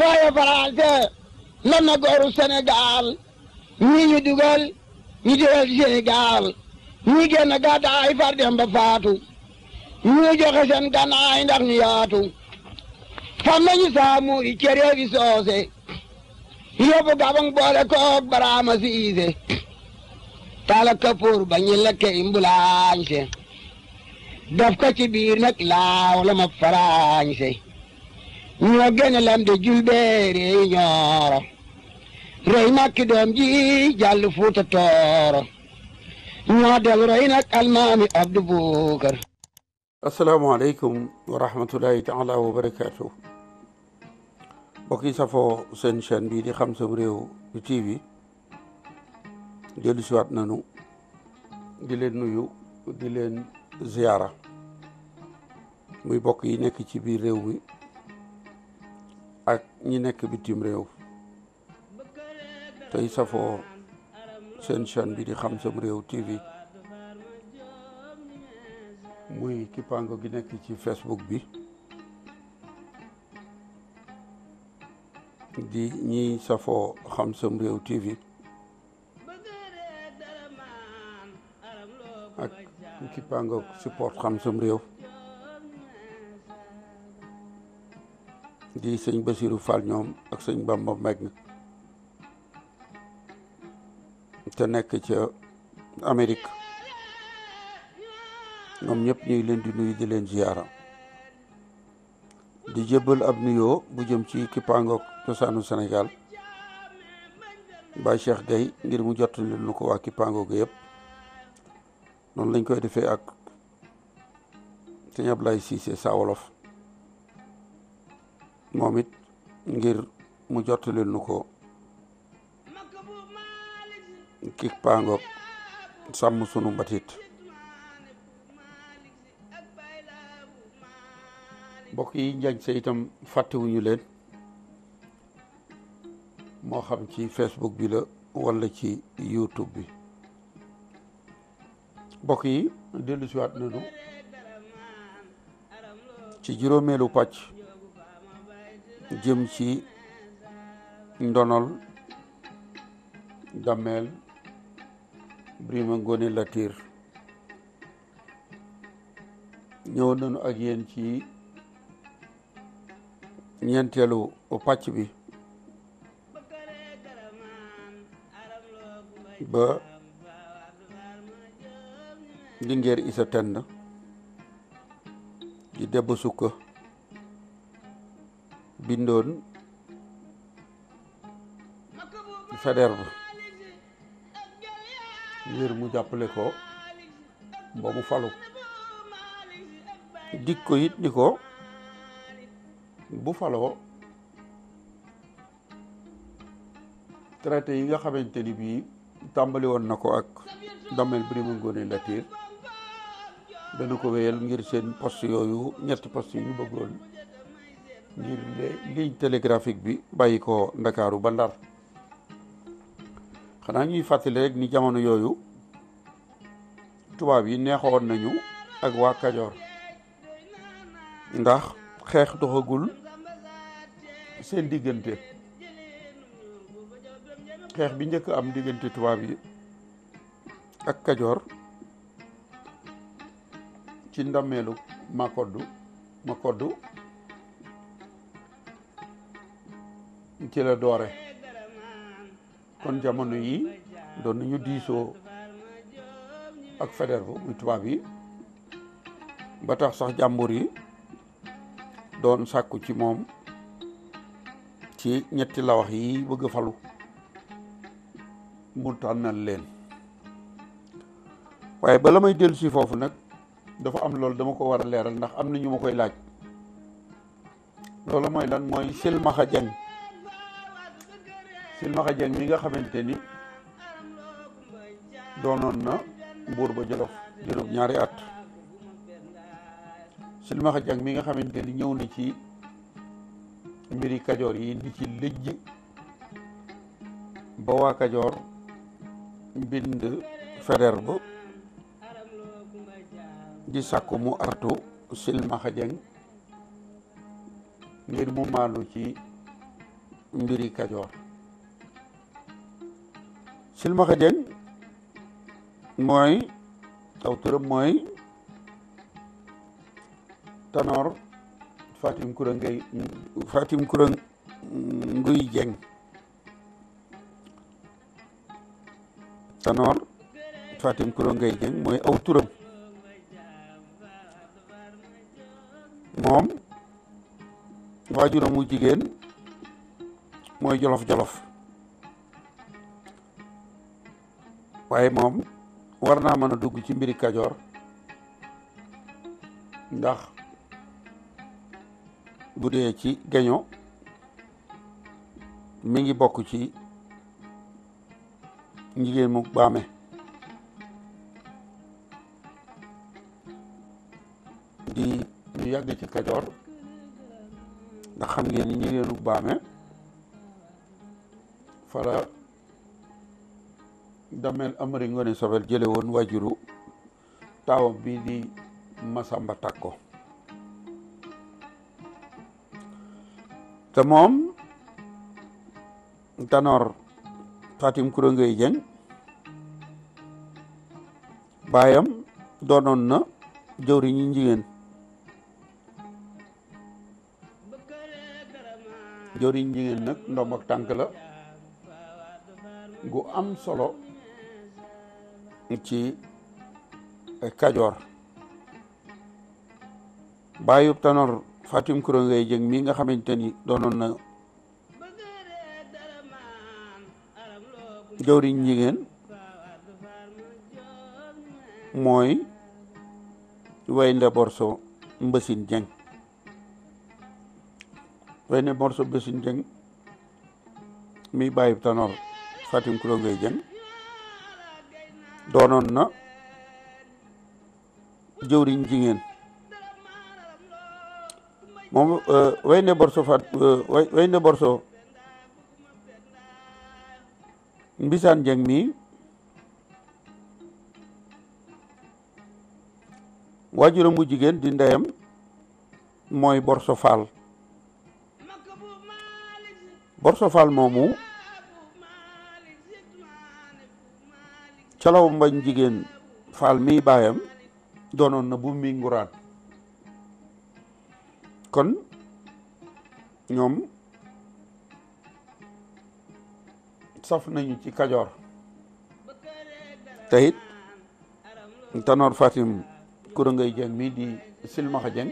waaye Faranse man na gooru Sénégal ñii ñu dugal ñu dugal Sénégal ñii génn gàddaay far dem faatu ñii joxe seen gànnaay ndax ñu yaatu fam nañu saamu i soose yóbbu gabang boole koog baraama siise tala kapoor ba ñi lekke imbulaañse daf ko ci laaw la ma faraañse ñoo gën a lam de julbeere yi ñooro roy makki doom ji jàll fuuta tooro ñoo del roy nag almaami abdu buukar asalaamaaleykum wa rahmatullahi taala wa barakaatu mbokk yi safoo seen chaîne bii di xam sam réew bi TV dellu siwaat nanu di leen nuyu di leen ziyaara muy bokk yi nekk ci biir réew mi ak ñi nekk bitim réew tey safoo seen chaîne bi di Xam Sam Réew TV muy kippaango gi nekk ci Facebook bi di ñi safoo Xam Sam Réew TV ak kippaango support Xam Sam Réew di sëñ Basiru Fall ñoom ak sëñ Bamba Meg te nekk ca Amérique ñoom ñëpp ñuy leen di nuyu di leen ziyaara di jébbal ab nuyoo bu jëm ci kippaangook cosaanu senegal ba Cheikh Gueye ngir mu jot lu ko waa kippaangook yëpp noonu lañ koy defee ak sëñ Ablaye Cissé Saa Wolof moom it ngir mu jottali nu ko kik paangoog sàmm sunu mbatit mbokk yi njañ sa itam fàttewuñu leen moo xam ci Facebook bi la wala ci YouTube bi bokk yi dellu siwaat nañu ci juróomeelu pàcc jëm ci ndonol dameel Birima Ngóone Latiir ñëw nañu ak yéen ci ñeenteelu pàcc bi ba dingeer isa tend di debb sukka bindoon fedeer ba ngir mu jàppale ko ba mu falu dik ko it ni ko bu faloo traité yi nga xamante ni bii tàmbali woon ak Damel Birima Ngoné Latyr dana ko wéyal ngir seen poste yooyu ñetti poste yi ñu bëggoon ngir ligne télégraphique bi bàyyi ko ndakaaru ba ndar xanaa ñuy fàttali rek ni jamono yooyu tubaab yi neexoon nañu ak waa Kajoor ndax xeex doxagul seen diggante xeex bi njëkk am diggante tubaab yi ak Kajoor ci ndammeelu Makoddu Makoddu ci la doore kon jamono yi doon nañu diisoo ak Faidherbe muy tubaab yi ba tax sax jàmbur yi doon sàkku ci moom ci ñetti lawax yi bëgg a falu mu tànnal leen waaye bala may dellu foofu nag dafa am loolu dama ko war a leeral ndax am na ñu ma koy laaj loolu mooy lan mooy silmaxa jeng silmaxa jeng mi nga xamante ni doonoon na buur ba jolof diirub ñaari at silmaxa jeng mi nga xamante ni ñëw na ci mbiri kajoor yi di ci lijj ba waa kajoor bind Faidherbe di sàkku mu artu silmaxa jeng ngir mu maandu ci mbiri kajoor silmaxa jeng mooy aw turam mooy tanoor fatim kura ngay fatim kura nguy jeng tanoor fatim kura ngay jeng mooy aw turam moom waajuram wu jigéen mooy jolof jolof waaye moom war naa mën a dugg ci mbiri kajoor ndax bu dee ci geño mi ngi bokk ci njigéen mu baame di ñu yàgg ci kajoor ndax xam ngeen ni njigéenu baame fala damel Amari Ngoone Sobel jële woon waajuru taawam bi di Masamba Takko te moom Tanor Fatim Coura Ngueye Dieng baayam doonoon na jëwri ñi njigéen jëwri ñi njigéen nag ndoom ak tànk la gu am solo ci kajoor bàyyub tanor fatim kuro ngay jëng mi nga xamante ni doonoon na jawriñ jigéen mooy waynde borso mbësin jëng waynde borso mbësin jëng mi bàyyub tanor fatim kuro ngay jëng doonoon na jëwriñ jigéen moom euh, Wayne Borso fat euh, Wayne Borso Mbisaan Jeng mi waajuram bu jigéen di ndeyam mooy Borso Fall Borso Fall moomu calaw mbañ jigéen faal mii baayam doonoon na bu mi nguraat kon ñoom saf nañu ci kajoor teyit tanoor fatim kura ngay jeng mii di silmaxa jeng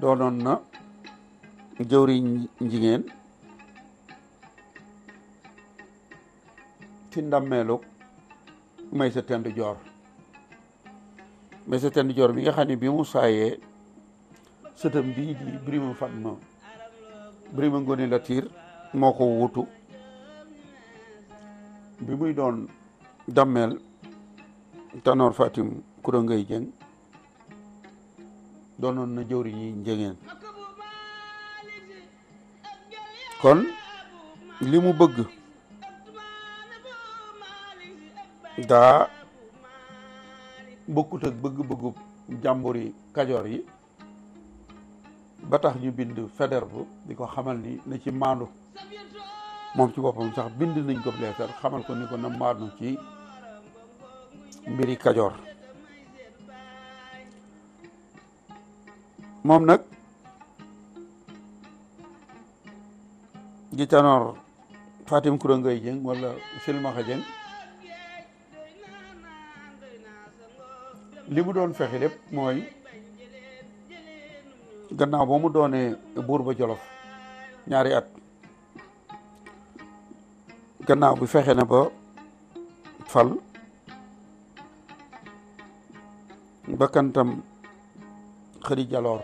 doonoon na jëwriñ jigéen ci ndammeelu may sa tend joor may sa tend joor bi nga xam bi mu saayee sëtam bii di Birima Fatma Birima Ngoni Latir moo ko wutu bi muy doon dammeel Tanor Fatim Koura Ngay Jeng doonoon na jëwriñ yi njëgeen kon li mu bëgg daa bokkut ak bëgg-bëggu jàmbur yi kajoor yi ba tax ñu bind Faidherbe di ko xamal ni na ci maandu moom ci boppam sax bind nañ ko leetar xamal ko ni ko na maandu ci mbiri kajoor moom nag di tanoor Fatim Koura Ngoye Dieng wala Silmaxa Dieng li mu doon fexe lépp mooy gannaaw ba mu doonee buur ba jolof ñaari at gannaaw bi fexe na ba fal bakkantam xëri jaloor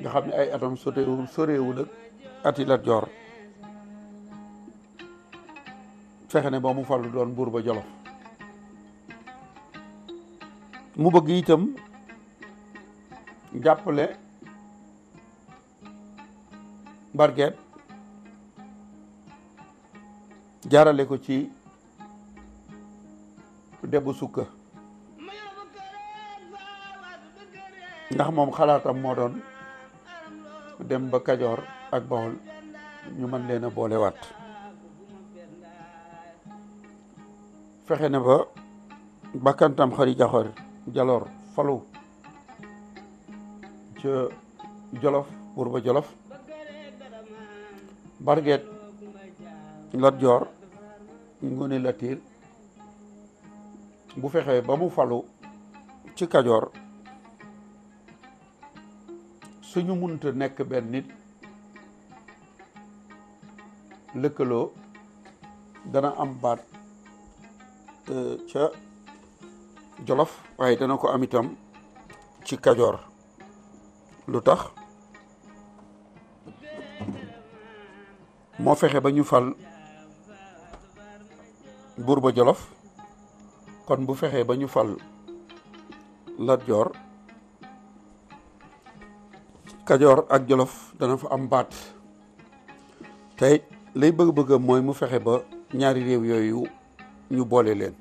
nga xam ne ay atam soteewul soreewul ak ati Lat Joor fexe ne ba mu falu doon buur ba jolof mu bëgg itam jàppale mbarget jaarale ko ci debu sukka ndax moom xalaatam moo doon dem ba Kajoor ak Bawol ñu mën leen a boolewaat fexe na ba bakkantam xari jaxor Jaloor falu ca Jolof buur ba Jolof Barget Lat Joor Ngoone Latiir bu fexee ba mu falu ci Kajoor suñu munta nekk benn nit lëkkaloo dana am baat euh, ca jolof waaye dana ko am itam ci kajoor lu tax moo fexe ba ñu fal buur ba jolof kon bu fexee ba ñu fal Lat Kajoor ak Jolof dana fa am baat tey lay bëgg-bëggam mooy mu fexe ba ñaari réew yooyu ñu boole leen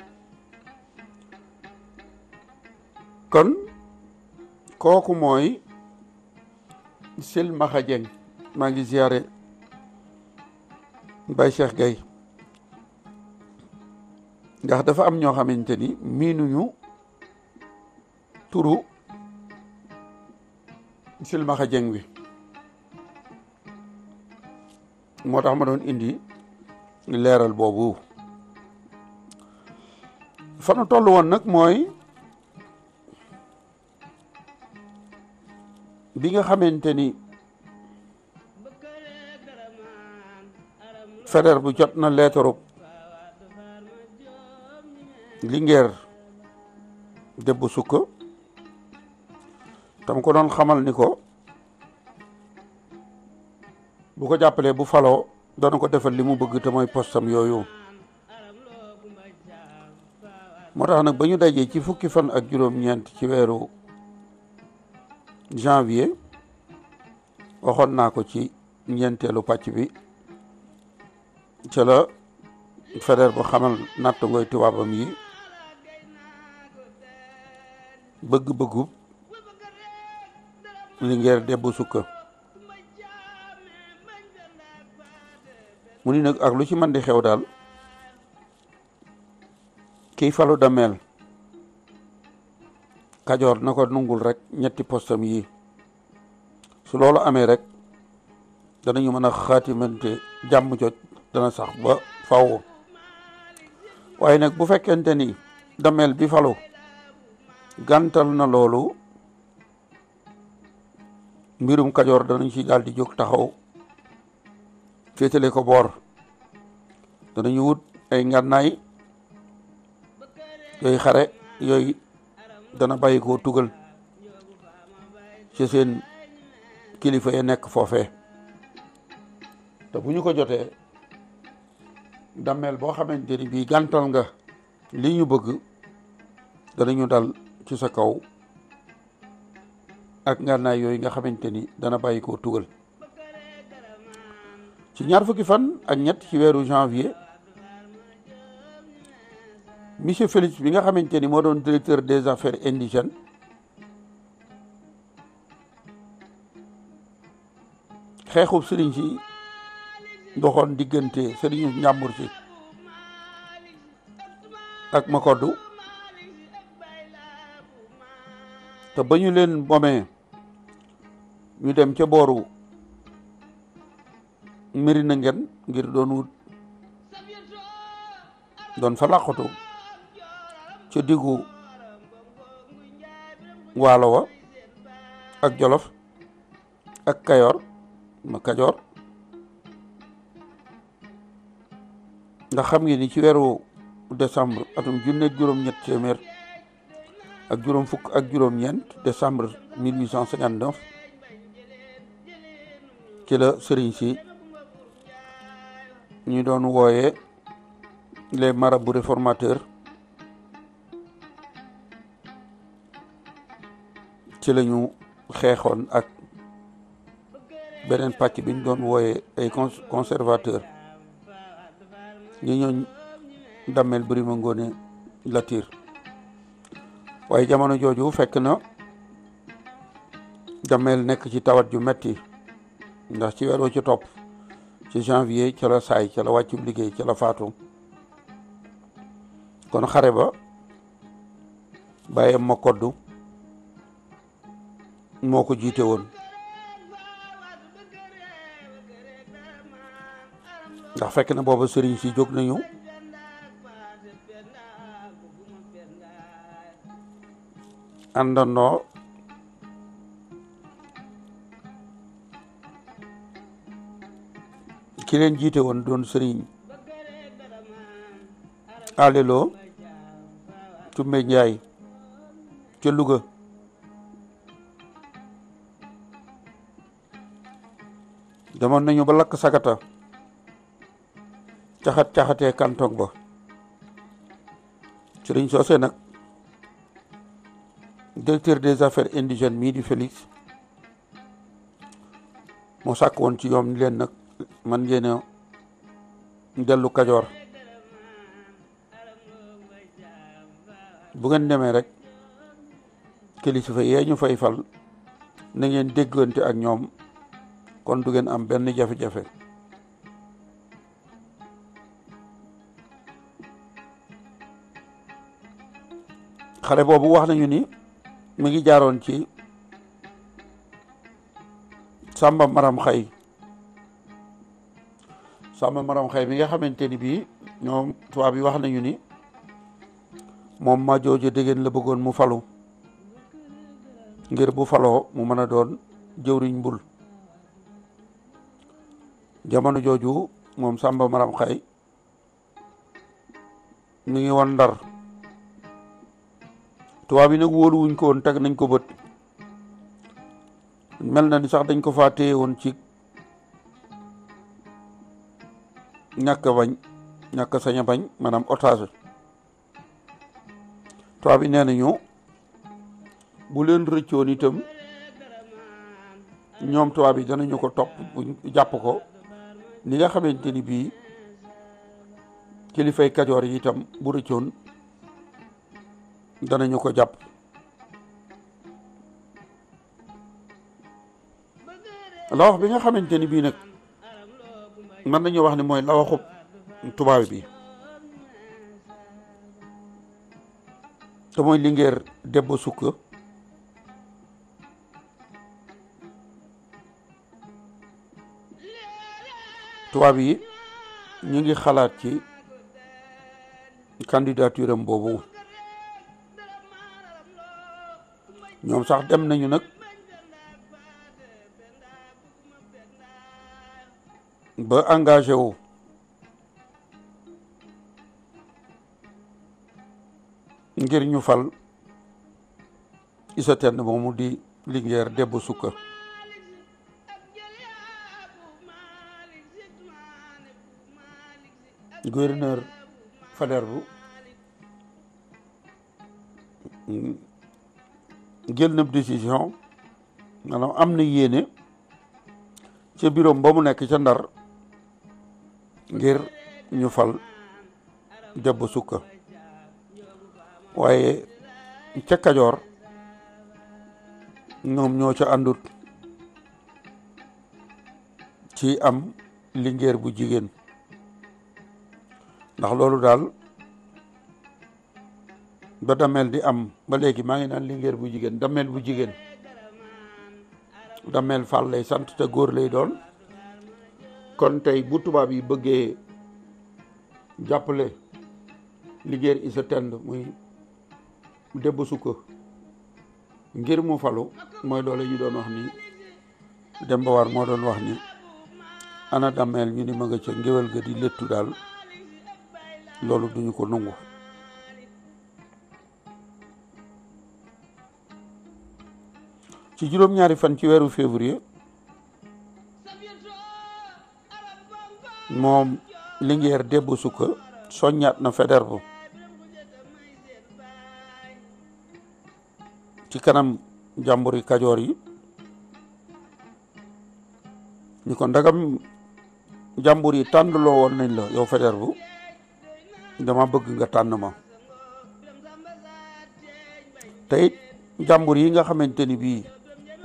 kon kooku mooy silmaxa jeng maa ngi ziyaare Baye Cheikh Gaye ndax dafa am ñoo xamante ni miinuñu turu silmaxa jeng wi moo tax ma doon indi leeral boobu fanu toll woon nag mooy bi nga xamante ni Faidherbe bu jot na leetarub Linguère Debba sukk tam ko doon xamal ni ko bu ko jàppalee bu faloo dana ko defal li mu bëgg te mooy postam yooyu moo tax nag ba ñu dajee ci fukki fan ak juróom-ñeent ci weeru janvier waxoon naa ko ci ñeenteelu pàcc bi ca la Faidherbe ba xamal natt ngoy tubaabam yi bëgg-bëggub Linguère Demba Sukka mu ni nag ak lu ci mën di xew daal kii falu dameel kajoor na ko nungul rek ñetti postam yi su loolu amee rek danañu mën a xaatimante jàmm jot dana sax ba faw waaye nag bu fekkente ni dameel bi falu gàntal na loolu mbirum kajoor danañ ci daal di jóg taxaw féetale ko boor danañu wut ay ngànnaay yooyu xare yooyu dana bàyyi koo tugal ci seen kilifa ya nekk foofe te bu ñu ko jotee dammeel boo xamante ni bii gàntal nga li ñu bëgg dana ñu dal ci sa kaw ak ngànnaay yooyu nga xamante ni dana bàyyi koo tugal ci ñaar fukki fan ak ñett ci weeru janvier monsieur Félix bi nga xamante ni moo doon directeur des affaires indigènes xeexub sëriñ si doxoon diggante sëriñu njàmbur si ak Makoddu te ba ñu leen moomee ñu dem ca booru Mérina Nguène ngir doon wut doon fa ca diggu waalo wa ak jolof ak kayoor ma kajoor ndax xam ngeen ni ci weeru décembre atum junne juróom ñett téeméer ak juróom fukk ak juróom ñeent décembre 1859 ci la sëriñ si ñu doon wooyee les marabouts réformateurs ci la ñu xeexoon ak beneen pàcc bi ñu doon wooyee ay conservateur ñi ñooñ dammel ma Ngóone Latiir waaye jamono jooju fekk na dammel nekk ci tawat ju metti ndax ci weeroo ci topp ci janvier ca la saay ca la wàccub liggéey ca la faatu kon xare ba bàyyam ma koddu moo ko jiite woon ndax fekk na booba sëriñ si jóg nañu àndandoo ki leen jiite woon doon sëriñ alelo Tumbe Njaay ca Louga demoon nañu ba lakk sagata caxat-caxatee kantoog ba ci sëriñ soose nag directeur des affaires indigènes mii di Félix moo sàkk woon ci yoom leen nag man ngeen a dellu kajoor bu ngeen demee rek kilifa yee ñu fay fal na ngeen déggante ak ñoom kon du am benn jafe-jafe xare boobu wax nañu ni mu ngi jaaroon ci Sàmba Maram Xay Sàmba Maram Xay mi nga xamante ni bii ñoom tubaab yi wax nañu ni moom ma joojo dégéen la bëggoon mu falu ngir bu faloo mu mën a doon jëwriñ mbul jamono jooju moom Sàmba Maram Xay ñu ngi woon ndar tubaab yi nag wóoluwuñ ko woon teg nañ ko bët mel na ni sax dañ ko faa téye woon ci ñàkk bañ ñàkk sañ bañ maanaam otage tubaab yi nee nañu bu leen rëccoon itam ñoom tubaab yi danañu ko topp buñ jàpp ko li nga xamante ni bii kilifay kajoor yi itam bu rëccoon danañu ko jàpp la bi nga xamante ni bii nag mën nañu wax ni mooy la waxub tubaab bi te mooy lingeer debba sukka tubaab yi ñu ngi xalaat ci candidature am boobu ñoom sax dem nañu nag ba engagé wu ngir ñu fal isa tenn moomu di Linguère Debbo Sukka gouverneur Faidherbe jël na décision maanaam am na yéene ca bureau ba mu nekk ca Ndar ngir ñu fal Jabb Sukka waaye ca Kajoor ñoom ñoo ca àndut ci am lingeer bu jigéen ndax loolu daal ba dameel di am ba léegi maa ngi naan lingeer bu jigéen dameel bu jigéen dameel Fall lay sant te góor lay doon kon tey bu tubaab yi bëggee jàppale lingeer isa tend muy debba sukka ngir mu falu mooy loolu ñu doon wax ni Demba War moo doon wax ni ana dameel ñu ni ma nga ca ngéwél ga di léttu daal loolu duñu ko nangu ci juróom-ñaari fan ci weeru février moom Linguère Demba Sukka soññaat na Faidherbe ci kanam yi kajoor yi ni ko ndagam jàmbur yi tàndaloo woon nañ la yow Faidherbe dama bëgg nga tànn ma te it jàmbur yi nga xamante ni bii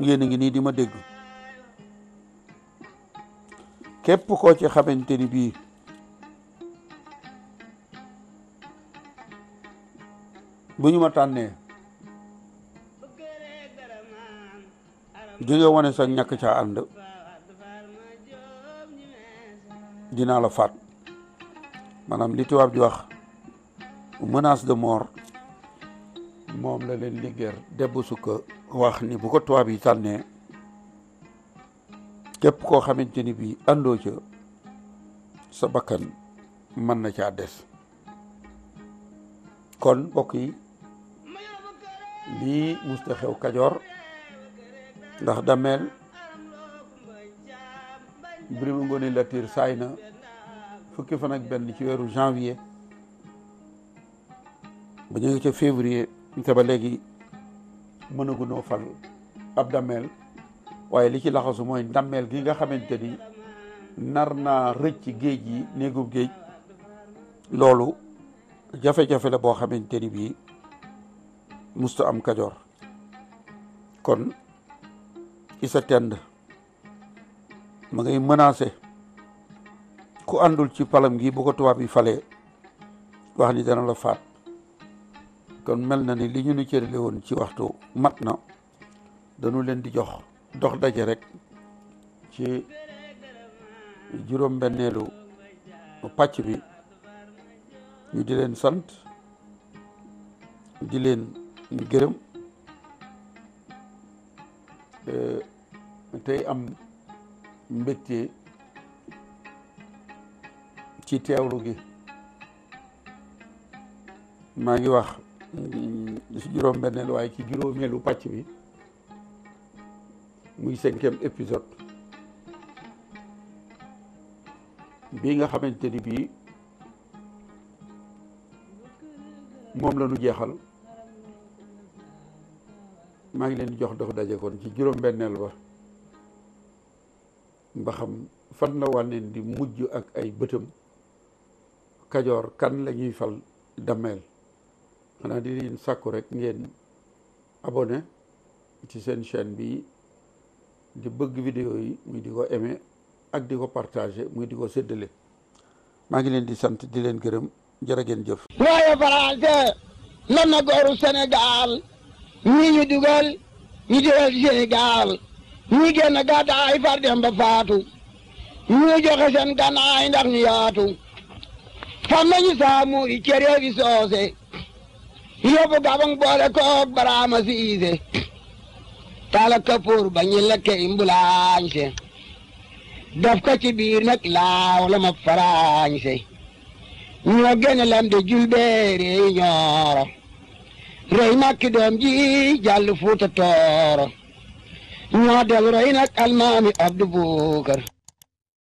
ngi nii di ma dégg képp koo ci xamante ni bii bu ñu ma tànnee di nga wane sa ñàkk la maanaam li tubaab di wax menace de mort moom la leen liggéer debb su ko wax ni bu ko tuwaab yi tànnee képp koo xamante ni bii àndoo ca sa bakkan mën na caa des kon mbokk yi lii musta xew kajoor ndax dameel Birima Ngone Latiir saay na fukki fan ak benn ci weeru janvier ba ñu ngi ca février te ba léegi mënagunoo fal ab dammeel waaye li ci laxasu mooy dammeel gi nga xamante ni nar naa rëcc géej yi néegub géej loolu jafe-jafe la boo xamante ni bii musta am kajoor kon isa tend ma ngay menacé ku àndul ci palam gi bu ko tubaab yi falee wax ni dana la faat kon mel na ni li ñu nu cërale woon ci waxtu mat na dañu leen di jox dox daje rek ci juróom-benneelu pàcc bi ñu di leen sant di leen gërëm eh, tey am mbégte ci teewlu gi maa ngi wax si mm, juróom benneelu waaye ci juróomeelu pàcc bi muy cinquième épisode bi nga xamante ni bii moom la jeexal maa ngi leen di jox dox daje kon ci juróom benneel ba ba xam fan la wànneen di mujj ak ay bëtam kajor kan la ñuy fal damel xanaa di leen sakku rek ngeen abonné ci seen chaîne bi di bëgg vidéo yi muy di ko aimé ak di ko partagé muy di ko séddale maa ngi leen di sant di leen gërëm jërë ngeen jëf waaye français lan na gooru Sénégal ñi ñu dugal ñu dugal Sénégal ñi génn gàddaay far dem ba faatu ñu joxe seen ndax ñu yaatu xamnañu saamu i cereefi soose yóbbu gabang boole koog baraama siise tala ba ñi la ke imbulaañse daf ko ci laaw la ma faraañse ñoo gene lam de julbeere ñooro rey makki doom ji jàll fuuta tooro ñoo del roy nag almaami abdu buukar